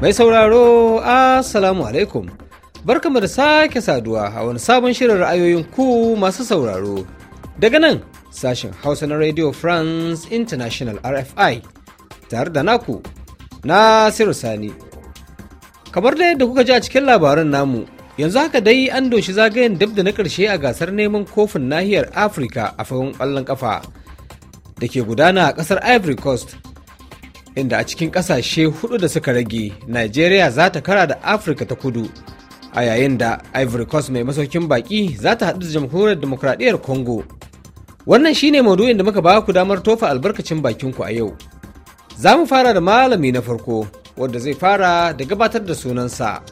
Mai sauraro, Assalamu alaikum. Barkamu da sake saduwa a wani sabon shirin ra'ayoyin ku masu sauraro. Daga nan, sashen Hausa na Radio France International RFI, tare da naku, Nasiru Sani. Kamar da yadda kuka ji a cikin labaran namu, yanzu haka dai an doshi zagayen dab da na ƙarshe a gasar neman kofin nahiyar afirka a fagen ƙwallon ƙafa da ke gudana a ƙasar ivory coast inda a cikin ƙasashe hudu da suka rage Najeriya za ta kara da Afirka ta kudu. A yayin da Ivory Coast mai masaukin baki za ta haɗu da jamhuriyar demokradiyyar Congo. Wannan shine maudu'in da muka ba ku damar tofa albarkacin bakin ku a yau. Za mu fara da malami na farko, wanda zai fara da gabatar da sunansa.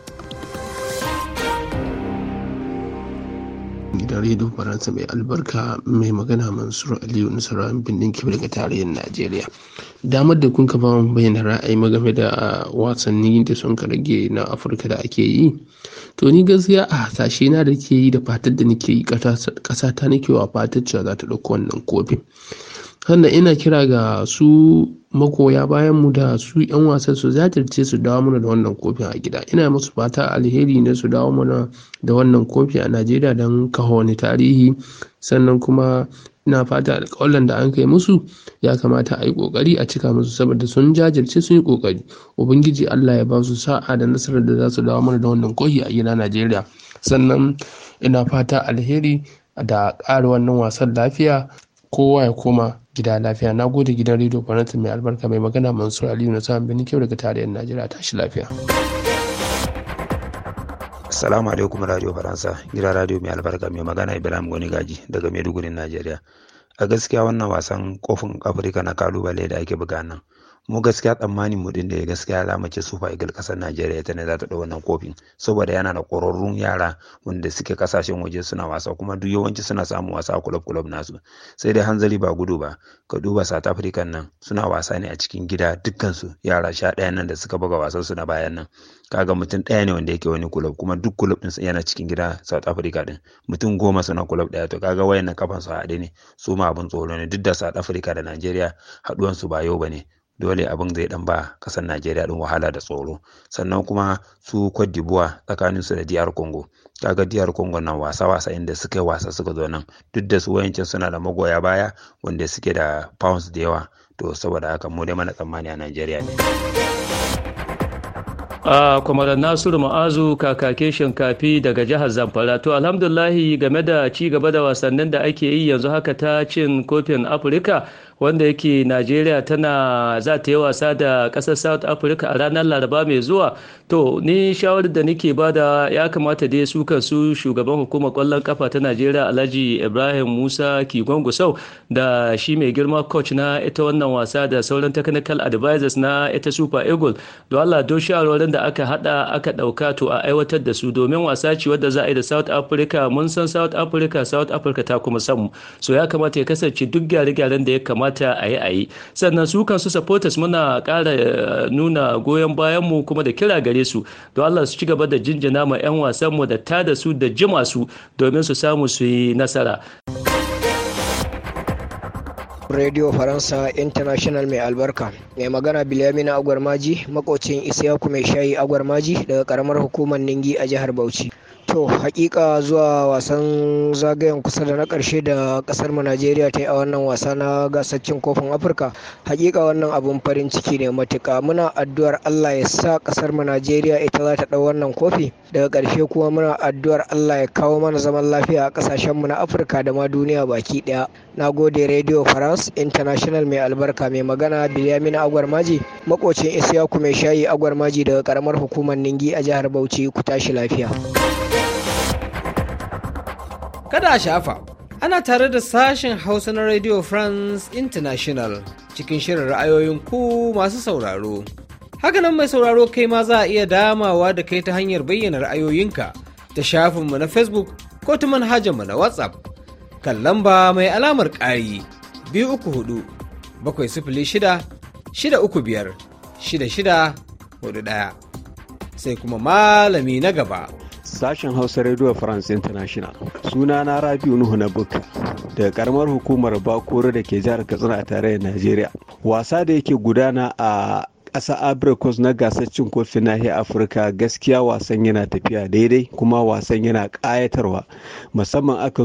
gidan rediyo faransa mai albarka mai magana mansur aliyu nasarar birnin kebe daga tarihin najeriya damar da kun kaba bayyana ra'ayi game da ah, wasanni da sun rage na afirka da ake yi to ni gaskiya a hasashe na da ke yi da fatar da nake yi kasa ta nake wa fatar cewa za ta ɗauko wannan kofin sannan ina kira ga su makoya bayan mu da su 'yan wasan su zatirce su dawo mana da wannan kofin a gida ina musu fata alheri ne su dawo mana da wannan kofi a najeriya don kawo wani tarihi sannan kuma ina fata alƙawalan da an kai musu ya kamata a yi ƙoƙari a cika musu saboda sun jajirce sun yi ƙoƙari ubangiji allah ya ba su sa'a da nasarar da za su dawo mana da wannan kofi a gida najeriya sannan ina fata alheri da ƙara wannan wasan lafiya kowa ya koma gida lafiya na gode gidan rediyo faransa mai albarka mai magana mansur aliyu na samun birnin kyau daga tarayyar najeriya tashi lafiya Salamu alaikum Radio Faransa, gida radio mai albarka mai magana Ibrahim Goni Gaji daga Maiduguri, Najeriya. A gaskiya wannan wasan kofin Afirka na kalubale da ake buga nan. mu gaskiya tsammanin mu din da ya gaskiya za mu ce Super Eagle kasar Najeriya ta ne za ta wannan kofin saboda yana da ƙwararrun yara wanda suke kasashen waje suna wasa kuma duk yawanci suna samun wasa a kulob kulob nasu sai dai hanzari ba gudu ba ka duba South Africa nan suna wasa ne a cikin gida dukkansu yara sha ɗaya nan da suka buga wasan su na bayan nan kaga mutum ɗaya ne wanda yake wani kulob kuma duk kulob ɗin yana cikin gida South Africa din mutum goma suna kulob daya to kaga wayannan kafan su haɗe ne su ma abin tsoro ne duk da South Africa da Najeriya haɗuwansu ba yau ba dole abin zai dan ba kasar Najeriya din wahala da tsoro sannan kuma su Cote d'Ivoire tsakanin su da DR Congo kaga DR Congo nan wasa wasa inda suka wasa suka zo nan duk da su wayancin suna da magoya baya wanda suke da pounds da yawa to saboda haka mu dai mana tsammani a Najeriya ne a kwamarar nasiru ma'azu kakake shinkafi daga jihar zamfara to alhamdulahi game da ci gaba da wasannin da ake yi yanzu haka ta cin kofin afirka wanda yake najeriya tana za ta yi wasa da kasar south africa a ranar laraba mai zuwa to ni shawarar da nake bada ya kamata dai su kansu shugaban hukumar kwallon kafa ta najeriya alhaji ibrahim musa kigon da shi mai girma coach na ita wannan wasa da sauran technical advisors na ita super eagle don allah don shawarwarin da aka hada aka dauka to a aiwatar da su domin wasa ce wadda za a yi da south africa mun san south africa south africa ta kuma samu so ya kamata ya kasance duk gyare-gyaren da ya kamata kamata a yi a yi sannan su kansu supporters muna ƙara eh, nuna goyon bayan mu kuma da kira gare su don Allah su ci gaba da jinjina ma 'yan wasan mu da tada su da jima su domin su samu su yi nasara. Radio Faransa International mai albarka. Mai magana Bilamina Agwarmaji, makocin Isiyaku mai shayi Agwarmaji daga karamar hukumar Ningi a jihar Bauchi. To hakika zuwa wasan zagayen kusa da na karshe da kasar mu Najeriya ta yi a wannan wasa na gasar cin kofin Afirka. Hakika wannan abun farin ciki ne matuka. Muna addu'ar Allah ya sa kasar mu Najeriya ita za ta dau wannan kofi. Daga karshe kuma muna addu'ar Allah ya kawo mana zaman lafiya a kasashen mu na Afirka da ma duniya baki ɗaya. Na gode Radio France International mai albarka mai magana Bilyamin Agwarmaji makocin Isiyaku mai shayi Agwarmaji daga karamar hukumar Ningi a jihar Bauchi ku tashi lafiya. Kada a shafa, ana tare da sashen Hausa na Radio France International cikin shirin ra'ayoyin ku masu sauraro. Hakanan mai sauraro kai ma za a iya damawa da kai ta hanyar bayyana ra'ayoyinka ta shafinmu na Facebook ko ta manhajarmu na WhatsApp. Kan lamba mai alamar ƙari biyu uku hudu bakwai sifili shida shida uku biyar shida shida hudu ɗaya sai kuma malami na gaba. Sashen Hausa Radio France International. Suna na Rabiu Nuhu na Bukka daga karamar hukumar Bakoro da ke jihar Katsina a tarayyar Najeriya. Wasa da yake gudana a ƙasa Abrikos na gasar cin kofin nahiyar Afirka gaskiya wasan yana tafiya daidai kuma wasan yana ƙayatarwa musamman aka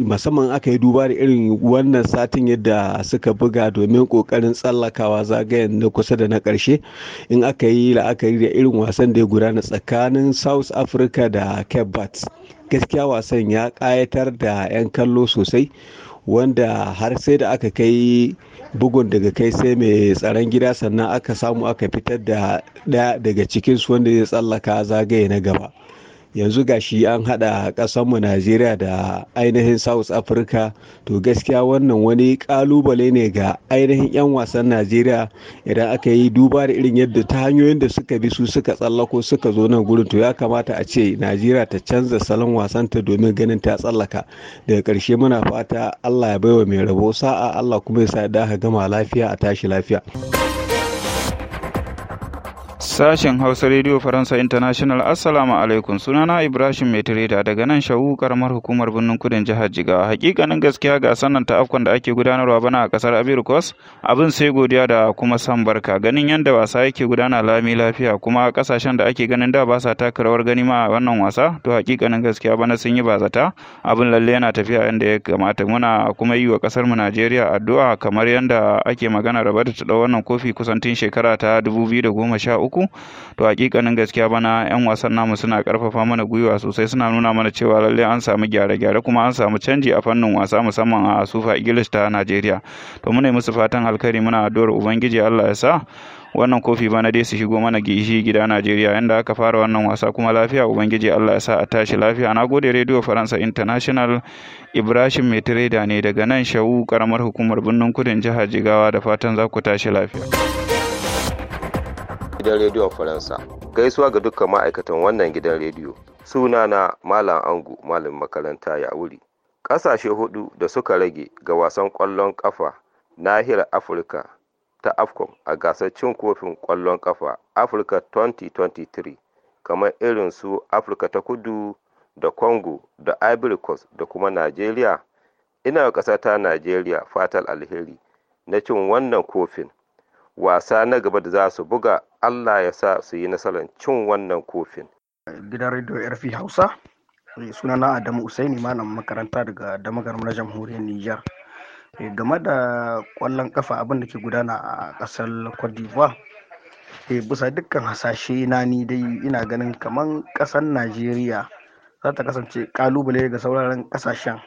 musamman aka yi duba da irin wannan satin yadda suka buga domin ƙoƙarin tsallakawa zagayen na kusa da na ƙarshe in aka yi la'akari da irin wasan da ya gudana tsakanin South Africa da Cape Verde gaskiya wasan ya ƙayatar da 'yan kallo sosai wanda har sai da aka kai bugun daga kai sai mai tsaron gida sannan aka samu aka fitar da ɗaya daga cikinsu wanda ya tsallaka zagaye na gaba yanzu gashi an hada kasanmu najeriya da ainihin south africa to gaskiya wannan wani kalubale ne ga ainihin 'yan wasan najeriya idan aka yi duba da irin yadda ta hanyoyin da suka bi su suka tsallako suka zo nan gurin to ya kamata a ce najeriya ta canza salon wasan ta domin ganin ta tsallaka daga karshe muna fata allah ya baiwa mai rabo sa'a allah kuma ya sa da gama lafiya a tashi lafiya. Sashen Hausa Radio Faransa International Assalamu alaikum sunana Ibrahim Metreda daga nan shawu karamar hukumar birnin kudin jihar Jigawa. Hakikanin gaskiya ga sannan ta afkon da ake gudanarwa bana a kasar Abir Kos abin sai godiya da kuma san barka ganin yadda wasa yake gudana lami lafiya kuma kasashen da ake ganin da ba sa taka rawar gani ma a wannan wasa to hakikanin gaskiya bana sun yi bazata abin lalle yana tafiya yadda ya kamata muna kuma yi wa kasar mu Najeriya addu'a kamar yadda ake magana rabar da ta wannan kofi kusantin shekara ta 2013 to hakikanin gaskiya bana yan wasan namu suna karfafa mana gwiwa sosai suna nuna mana cewa lalle an samu gyare-gyare kuma an samu canji a fannin wasa musamman a sufa English ta Najeriya to muna musu fatan alkhairi muna addu'ar ubangiji Allah ya sa wannan kofi bana dai su shigo mana gishi gida Najeriya yanda aka fara wannan wasa kuma lafiya ubangiji Allah ya sa a tashi lafiya na gode Radio Faransa International Ibrahim Metreda ne daga nan Shawu karamar hukumar birnin kudin jihar Jigawa da fatan za ku tashi lafiya gidan rediyon faransa gaisuwa ga dukkan ma'aikatan wannan gidan rediyo suna na malam angu malam makaranta ya wuri ƙasashe hudu da suka rage ga wasan ƙwallon ƙafa nahiyar afirka ta afcon a gasar cin kofin ƙwallon ƙafa afirka 2023 kamar irin su afirka ta kudu da congo da ivory coast da kuma najeriya ina ƙasa ta najeriya fatal alheri na cin wannan kofin wasa na gaba da za su buga Allah ya sa su yi nasarar cin wannan kofin. Gidan rediyo RF Hausa eh, suna na Adamu Usaini malam makaranta daga damagar na jamhuriyar Nijar. Eh, game da kwallon kafa abin da ke gudana a ƙasar Cote d'Ivoire eh, bisa dukkan hasashe na ni dai ina ganin kamar ƙasar Najeriya za ta kasance ƙalubale ga sauraron ƙasashen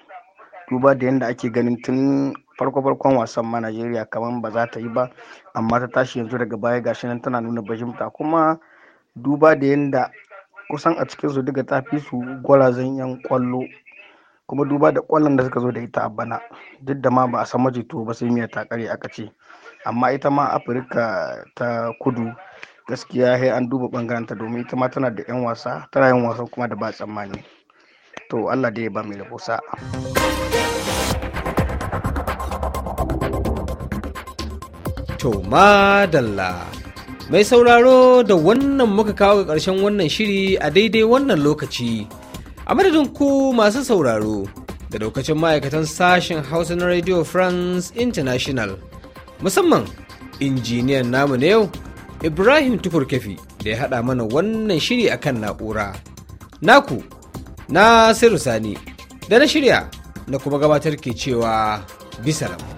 duba da yadda ake ganin tun farko-farkon wasan ma Najeriya kamar ba za ta yi ba amma ta tashi yanzu daga baya gashi nan tana nuna bajimta kuma duba da yanda kusan a cikin su duka tafi su gwarazan yan kwallo kuma duba da kwallon da suka zo da ita a bana duk da ma ba a san majito ba sai miya ta kare aka ce amma ita ma afirka ta kudu gaskiya sai an duba bangaren ta domin ita ma tana da yan wasa tana yin wasa kuma da ba tsammani to allah da ya ba mai rabosa. To madalla. Mai sauraro da wannan muka kawo ga ƙarshen wannan shiri a daidai wannan lokaci. A madadin ku masu sauraro da lokacin ma'aikatan sashen Hausa na Radio France International. Musamman injiniyan namu na yau Ibrahim Tukurkefi da ya haɗa mana wannan shiri akan na'ura. Naku, na Sani, da na shirya na kuma gabatar ke cewa bisa